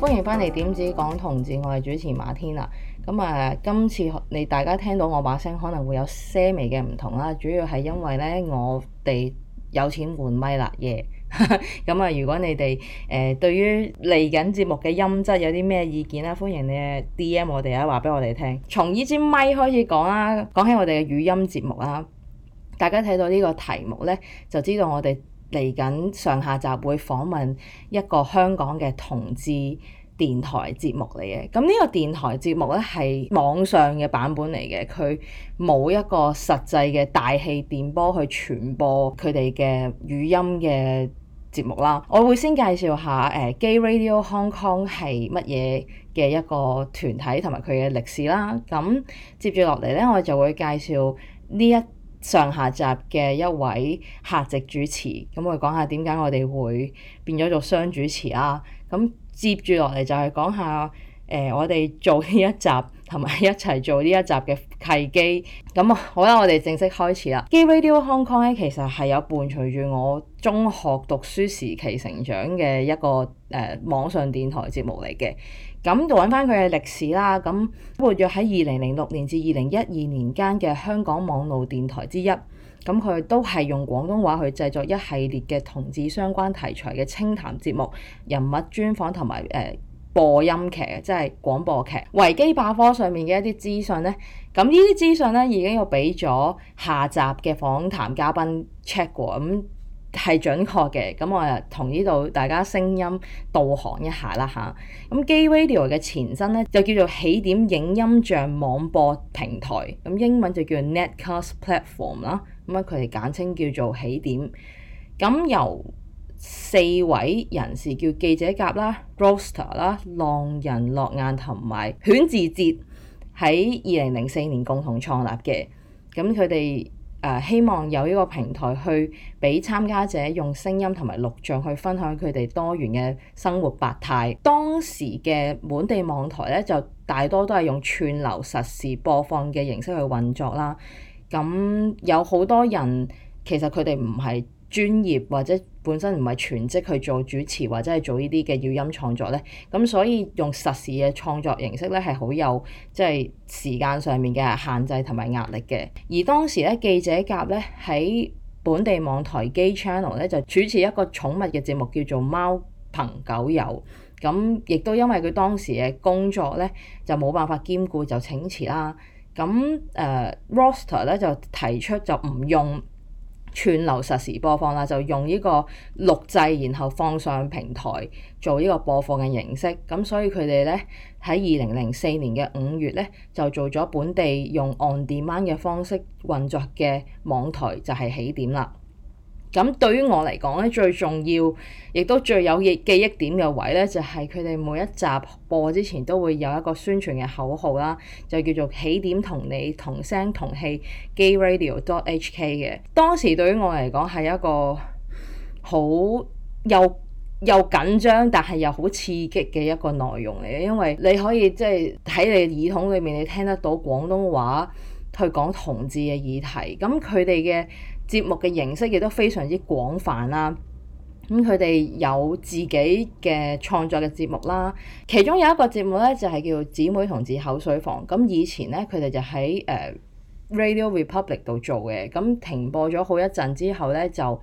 歡迎翻嚟《點子講同志》，我係主持馬天娜。咁、嗯、啊，今次你大家聽到我把聲可能會有些微嘅唔同啦，主要係因為呢，我哋有錢換咪啦，耶！咁啊，如果你哋誒、呃、對於嚟緊節目嘅音質有啲咩意見咧，歡迎你 D M 我哋啊，話俾我哋聽。從呢支咪開始講啦，講起我哋嘅語音節目啦，大家睇到呢個題目呢，就知道我哋。嚟緊上下集會訪問一個香港嘅同志電台節目嚟嘅，咁呢個電台節目咧係網上嘅版本嚟嘅，佢冇一個實際嘅大氣電波去傳播佢哋嘅語音嘅節目啦。我會先介紹下誒 Gay Radio Hong Kong 係乜嘢嘅一個團體同埋佢嘅歷史啦。咁接住落嚟呢，我就會介紹呢一上下集嘅一位客席主持，咁我哋講下點解我哋會變咗做雙主持啦、啊。咁接住落嚟就係講下誒、呃、我哋做呢一集同埋一齊做呢一集嘅契機。咁啊，好啦，我哋正式開始啦。Gay Radio Hong Kong 咧，其實係有伴隨住我中學讀書時期成長嘅一個誒、呃、網上電台節目嚟嘅。咁就揾翻佢嘅歷史啦，咁活躍喺二零零六年至二零一二年間嘅香港網絡電台之一，咁佢都係用廣東話去製作一系列嘅同志相關題材嘅清談節目、人物專訪同埋誒播音劇，即係廣播劇。《維基百科》上面嘅一啲資訊呢，咁呢啲資訊呢已經有俾咗下集嘅訪談嘉賓 check 過咁。係準確嘅，咁我同呢度大家聲音導航一下啦吓，咁 Gay Radio 嘅前身呢，就叫做起點影音像網播平台，咁英文就叫 Netcast Platform 啦。咁啊，佢哋簡稱叫做起點。咁由四位人士叫記者甲啦、Rooster 啦、浪人落雁同埋犬字節喺二零零四年共同創立嘅。咁佢哋。誒希望有一個平台去俾參加者用聲音同埋錄像去分享佢哋多元嘅生活百態。當時嘅本地網台咧，就大多都係用串流實時播放嘅形式去運作啦。咁有好多人其實佢哋唔係。專業或者本身唔係全職去做主持，或者係做呢啲嘅語音創作呢。咁所以用實時嘅創作形式呢，係好有即係、就是、時間上面嘅限制同埋壓力嘅。而當時呢記者甲呢，喺本地網台 Gay Channel 咧就主持一個寵物嘅節目，叫做貓朋狗友。咁亦都因為佢當時嘅工作呢，就冇辦法兼顧，就請辭啦。咁誒、uh, roster 呢，就提出就唔用，串流實時播放啦，就用呢個錄製，然後放上平台做呢個播放嘅形式。咁所以佢哋咧喺二零零四年嘅五月咧就做咗本地用 on demand 嘅方式運作嘅網台，就係起點啦。咁對於我嚟講咧，最重要亦都最有記記憶點嘅位咧，就係佢哋每一集播之前都會有一個宣傳嘅口號啦，就叫做起點同你同聲同氣 gay radio.hk 嘅。當時對於我嚟講係一個好又又緊張，但係又好刺激嘅一個內容嚟嘅，因為你可以即係喺你耳筒裏面，你聽得到廣東話去講同志嘅議題。咁佢哋嘅節目嘅形式亦都非常之廣泛啦，咁佢哋有自己嘅創作嘅節目啦，其中有一個節目呢，就係、是、叫姊妹同志口水房，咁、嗯、以前呢，佢哋就喺、呃、Radio Republic 度做嘅，咁、嗯、停播咗好一陣之後呢，就誒、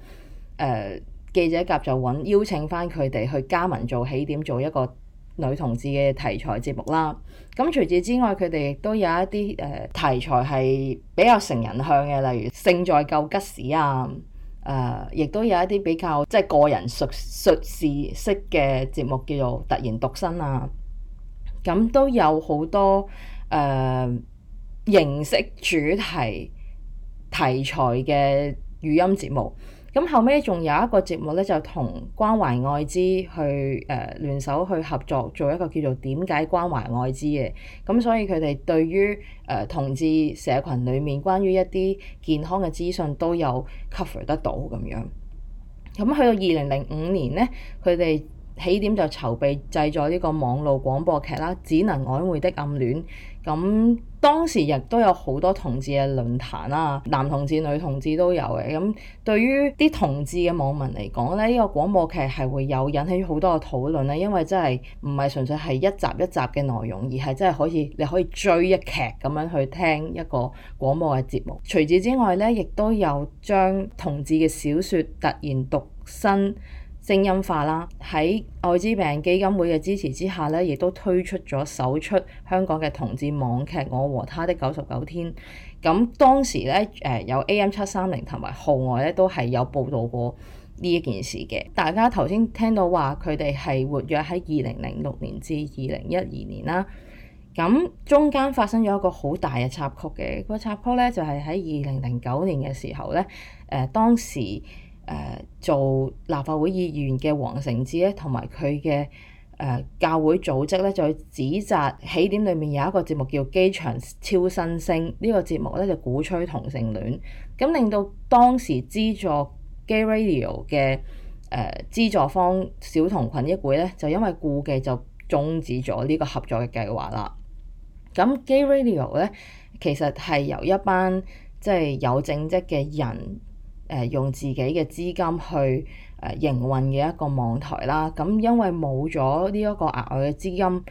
呃、記者甲就揾邀請返佢哋去加盟做起點做一個女同志嘅題材節目啦，咁除此之外，佢哋亦都有一啲誒、呃、題材係比較成人向嘅，例如《性在救吉屎》啊，誒、呃，亦都有一啲比較即係、就是、個人述述事式嘅節目，叫做《突然獨身》啊，咁都有好多誒、呃、形式主題題材嘅語音節目。咁後尾仲有一個節目咧，就同關懷愛滋去誒、呃、聯手去合作，做一個叫做點解關懷愛滋嘅。咁、嗯、所以佢哋對於誒、呃、同志社群裡面關於一啲健康嘅資訊都有 cover 得到咁樣。咁、嗯、去到二零零五年咧，佢哋。起點就籌備製作呢個網路廣播劇啦，《只能曖昧的暗戀》，咁當時亦都有好多同志嘅論壇啦，男同志、女同志都有嘅。咁對於啲同志嘅網民嚟講咧，呢個廣播劇係會有引起好多嘅討論咧，因為真係唔係純粹係一集一集嘅內容，而係真係可以你可以追一劇咁樣去聽一個廣播嘅節目。除此之外呢亦都有將同志嘅小說突然獨身。正音化啦，喺愛滋病基金會嘅支持之下咧，亦都推出咗首出香港嘅同志網劇《我和他的九十九天》。咁當時咧，誒有 AM 七三零同埋號外咧，都係有報導過呢一件事嘅。大家頭先聽到話佢哋係活躍喺二零零六年至二零一二年啦。咁中間發生咗一個好大嘅插曲嘅，個插曲咧就係喺二零零九年嘅時候咧，誒、呃、當時。誒、呃、做立法會議員嘅黃成智咧，同埋佢嘅誒教會組織咧，就去指責起點裏面有一個節目叫《機場超新星》這個、節呢個節目咧，就鼓吹同性戀，咁令到當時資助 gay radio 嘅誒資助方小童群益會咧，就因為顧忌就中止咗呢個合作嘅計劃啦。咁 gay radio 咧，其實係由一班即係有正職嘅人。誒用自己嘅資金去誒營運嘅一個網台啦，咁因為冇咗呢一個額外嘅資金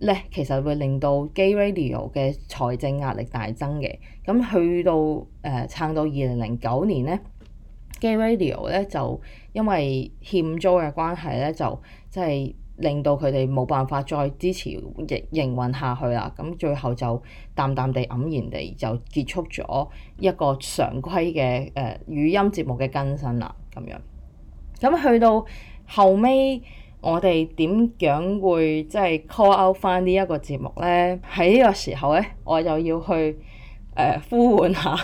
咧，其實會令到 Gay Radio 嘅財政壓力大增嘅。咁去到誒、呃、撐到二零零九年咧，Gay Radio 咧就因為欠租嘅關係咧，就即係。令到佢哋冇辦法再支持營營運下去啦，咁最後就淡淡地黯然地就結束咗一個常規嘅誒語音節目嘅更新啦。咁樣咁去到後尾，我哋點樣會即係 call out 返呢一個節目呢？喺呢個時候呢，我就要去、呃、呼喚下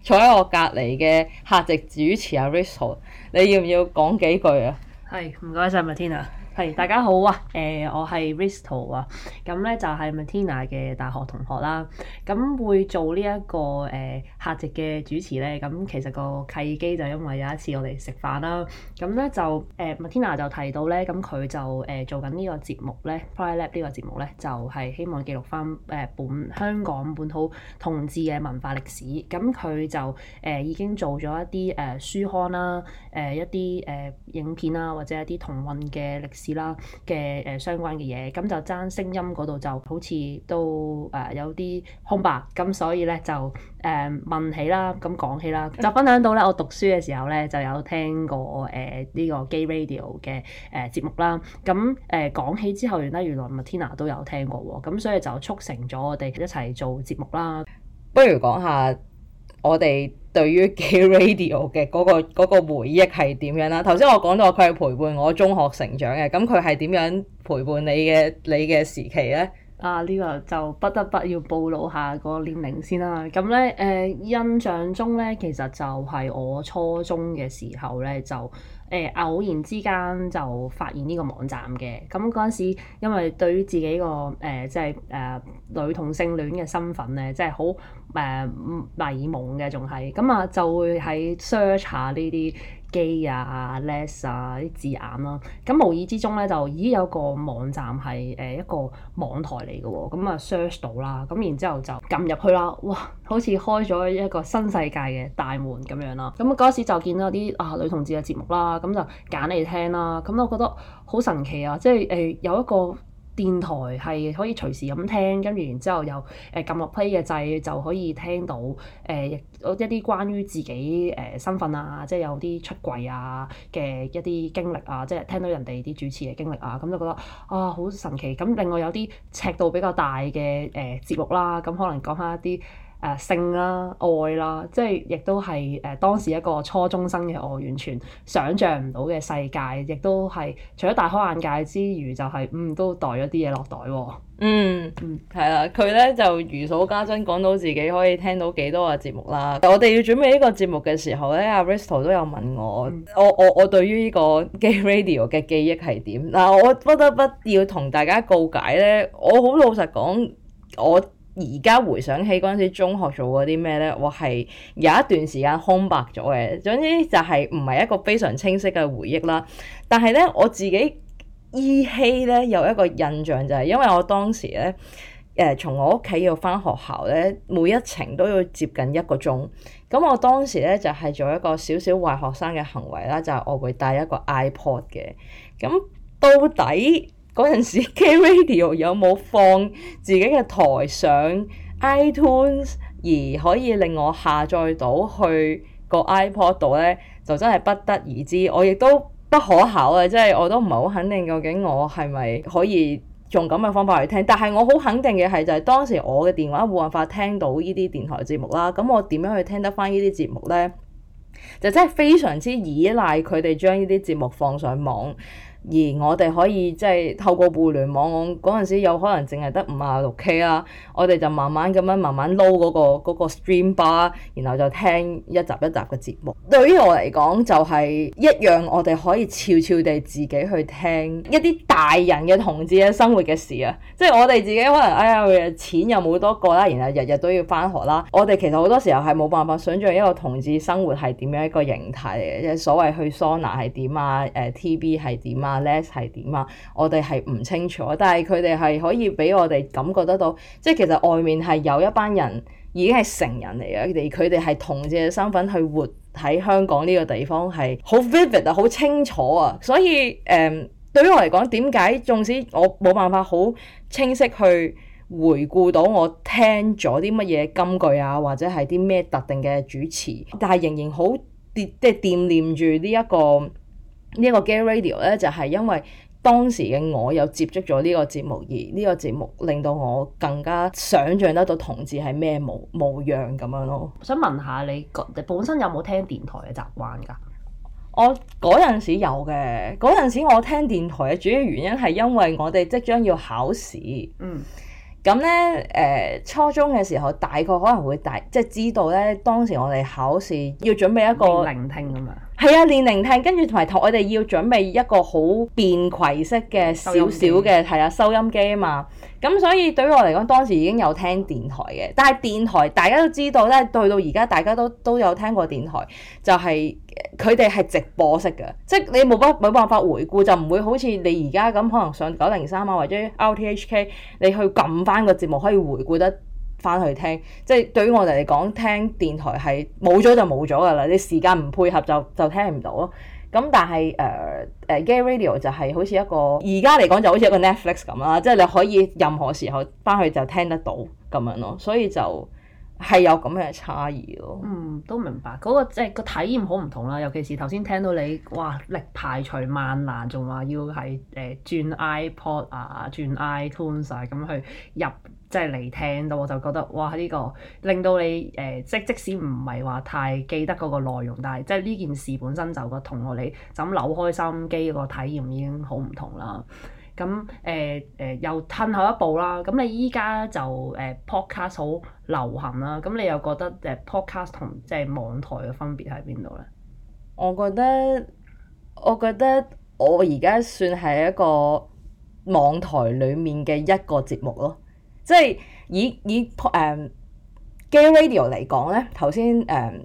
坐喺我隔離嘅客席主持阿 Rico，你要唔要講幾句啊？係唔該曬，馬天娜！係 pir isolation coisa，大家好啊！誒，我係 Risto 啊，咁咧就係 Matina 嘅大學同學啦，咁會做呢一個誒客席嘅主持咧，咁其實個契機就因為有一次我哋食飯啦，咁咧就誒 Matina 就提到咧，咁佢就誒做緊呢個節目咧 Pilot 呢個節目咧，就係希望記錄翻誒本香港本土同志嘅文化歷史，咁佢就誒已經做咗一啲誒書刊啦，誒一啲誒影片啊，或者一啲同運嘅歷史。啦嘅誒相關嘅嘢，咁就爭聲音嗰度就好似都誒、呃、有啲空白，咁所以咧就誒、呃、問起啦，咁講起啦，就分享到咧，我讀書嘅時候咧就有聽過誒呢、呃呢個 Gay Radio 嘅誒節目啦，咁、呃、誒講起之後，原來原來馬天娜都有聽過喎，咁所以就促成咗我哋一齊做節目啦。不如講下我哋。對於 Gay Radio 嘅嗰個嗰個回憶係點樣啦？頭先我講到佢係陪伴我中學成長嘅，咁佢係點樣陪伴你嘅你嘅時期咧？啊、呢、呢個就不得不要暴露下個年齡先啦。咁咧誒印象中咧，其實就係我初中嘅時候咧，就誒、呃、偶然之間就發現呢個網站嘅。咁嗰陣時，因為對於自己個誒、呃、即係誒、呃、女同性戀嘅身份咧，即係好誒迷蒙嘅仲係，咁啊就會喺 search 下呢啲。機啊、Les 啊啲字眼啦、啊，咁無意之中咧就咦有個網站係誒一個網台嚟嘅喎，咁啊 search 到啦，咁然之後就撳入去啦，哇，好似開咗一個新世界嘅大門咁樣啦，咁嗰時就見到啲啊女同志嘅節目啦，咁就揀嚟聽啦，咁我覺得好神奇啊，即係誒、欸、有一個。電台係可以隨時咁聽，跟住然之後又誒撳落 play 嘅掣就可以聽到誒、呃、一啲關於自己誒、呃、身份啊，即係有啲出櫃啊嘅一啲經歷啊，即係聽到人哋啲主持嘅經歷啊，咁、嗯、就覺得啊好神奇。咁、嗯、另外有啲尺度比較大嘅誒節目啦，咁、嗯、可能講下一啲。誒、uh, 性啦、啊、愛啦、啊，即係亦都係誒、uh, 當時一個初中生嘅我，完全想像唔到嘅世界，亦都係除咗大開眼界之餘，就係嗯都袋咗啲嘢落袋喎。嗯，係啦，佢咧就如數家珍講到自己可以聽到幾多個節目啦。我哋要準備呢個節目嘅時候咧，阿 Aristo 都有問我，嗯、我我我對於呢個 Gay Radio 嘅記憶係點？嗱，我不得不要同大家告解咧，我好老實講，我。而家回想起嗰陣時中學做過啲咩呢？我係有一段時間空白咗嘅。總之就係唔係一個非常清晰嘅回憶啦。但係呢，我自己依稀呢有一個印象就係，因為我當時呢，誒從我屋企要翻學校呢，每一程都要接近一個鐘。咁我當時呢就係做一個少少壞學生嘅行為啦，就係我會帶一個 iPod 嘅。咁到底？嗰陣時，K Radio 有冇放自己嘅台上 iTunes 而可以令我下載到去個 iPod 度呢？就真係不得而知。我亦都不可考啊，即係我都唔係好肯定究竟我係咪可以用咁嘅方法去聽。但係我好肯定嘅係就係當時我嘅電話冇辦法聽到呢啲電台節目啦。咁我點樣去聽得翻呢啲節目呢？就真係非常之依賴佢哋將呢啲節目放上網。而我哋可以即係透過互聯網，我嗰陣時有可能淨係得五啊六 K 啦，我哋就慢慢咁樣慢慢撈、嗰個、嗰個 stream bar，然後就聽一集一集嘅節目。對於我嚟講就係、是、一樣，我哋可以悄悄地自己去聽一啲大人嘅同志嘅生活嘅事啊！即係我哋自己可能，哎呀，錢又冇多個啦，然後日日都要返學啦。我哋其實好多時候係冇辦法想象一個同志生活係點樣一個形態嘅，即係所謂去桑拿係點啊，誒 TB 係點啊？啊，less 係點啊？我哋係唔清楚，但係佢哋係可以俾我哋感覺得到，即係其實外面係有一班人已經係成人嚟嘅，佢哋佢哋係同志嘅身份去活喺香港呢個地方係好 vivid 啊，好清楚啊，所以誒、嗯，對於我嚟講，點解縱使我冇辦法好清晰去回顧到我聽咗啲乜嘢金句啊，或者係啲咩特定嘅主持，但係仍然好即係惦念住呢一個。呢個 Gay Radio 呢，就係因為當時嘅我又接觸咗呢個節目，而呢個節目令到我更加想像得到同志係咩模模樣咁樣咯。想問下你，你本身有冇聽電台嘅習慣噶？我嗰陣時有嘅，嗰陣時我聽電台嘅主要原因係因為我哋即將要考試。嗯。咁咧，誒、呃、初中嘅時候，大概可能會大，即係知道咧。當時我哋考試要準備一個聆聽啊嘛，係啊，練聆聽跟住同埋我哋要準備一個好便攜式嘅小小嘅係啊收音機啊嘛。咁所以對於我嚟講，當時已經有聽電台嘅，但係電台大家都知道咧，對到而家大家都都有聽過電台，就係、是。佢哋係直播式嘅，即係你冇法冇辦法回顧，就唔會好似你而家咁可能上九零三啊，或者 RTHK，你去撳翻個節目可以回顧得翻去聽。即係對於我哋嚟講，聽電台係冇咗就冇咗㗎啦，你時間唔配合就就聽唔到咯。咁但係誒誒 GAY RADIO 就係好似一個而家嚟講就好似一個 Netflix 咁啦，即係你可以任何時候翻去就聽得到咁樣咯，所以就。係有咁嘅差異咯。嗯，都明白嗰、嗰個即係個體驗好唔同啦。尤其是頭先聽到你，哇！力排除萬難，仲話要係誒、呃、轉 iPod 啊，轉 iTunes 啊，咁去入即係嚟聽到，我就覺得哇！呢、呢個令到你誒、呃，即即使唔係話太記得嗰個內容，但係即係呢件事本身就個同喎。你怎扭開心機，嗰個體驗已經好唔同啦。咁誒誒又褪後一步啦。咁你依家就誒、呃、podcast 好流行啦。咁你又覺得誒 podcast 同即係網台嘅分別喺邊度咧？我覺得我覺得我而家算係一個網台裡面嘅一個節目咯。即係以以誒、um, Gay Radio 嚟講咧，頭先誒。Um,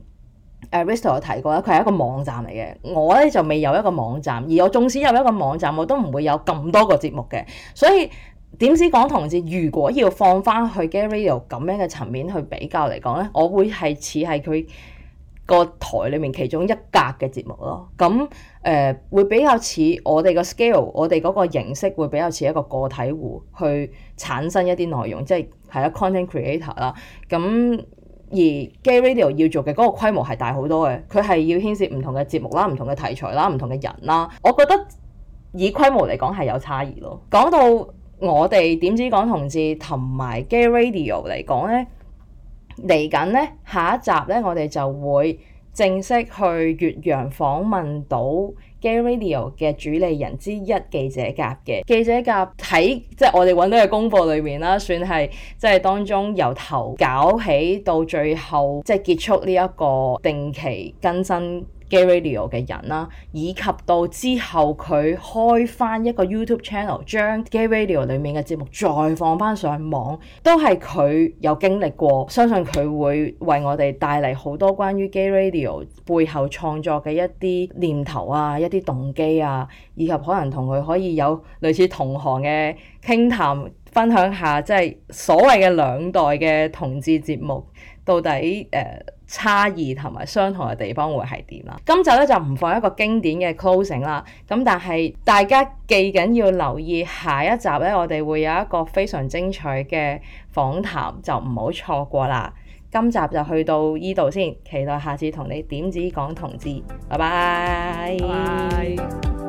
誒 Risto 有提過啦，佢係一個網站嚟嘅。我咧就未有一個網站，而我縱使有一個網站，我都唔會有咁多個節目嘅。所以點知講同志，如果要放翻去 Gay Radio 咁樣嘅層面去比較嚟講咧，我會係似係佢個台裡面其中一格嘅節目咯。咁誒、呃、會比較似我哋個 scale，我哋嗰個形式會比較似一個個體戶去產生一啲內容，即係係 content creator 啦。咁而 gay radio 要做嘅嗰個規模係大好多嘅，佢係要牽涉唔同嘅節目啦、唔同嘅題材啦、唔同嘅人啦。我覺得以規模嚟講係有差異咯。講到我哋點知港同志同埋 gay radio 嚟講呢，嚟緊呢下一集呢，我哋就會正式去越洋訪問到。Gay Radio 嘅主理人之一記者夾嘅，記者甲喺即係我哋揾到嘅功課裏面啦，算係即係當中由頭搞起到最後即係、就是、結束呢一個定期更新，Gay Radio 嘅人啦，以及到之後佢開翻一個 YouTube Channel，將 Gay Radio 裏面嘅節目再放翻上網，都係佢有經歷過，相信佢會為我哋帶嚟好多關於 Gay Radio 背後創作嘅一啲念頭啊，一啲動機啊，以及可能同佢可以有類似同行嘅傾談，談，分享下即係所謂嘅兩代嘅同志節目到底誒。Uh, 差異同埋相同嘅地方會係點啦？今集咧就唔放一個經典嘅 closing 啦。咁但係大家記緊要留意下一集呢，我哋會有一個非常精彩嘅訪談，就唔好錯過啦。今集就去到依度先，期待下次同你點止講同志，拜拜。拜拜。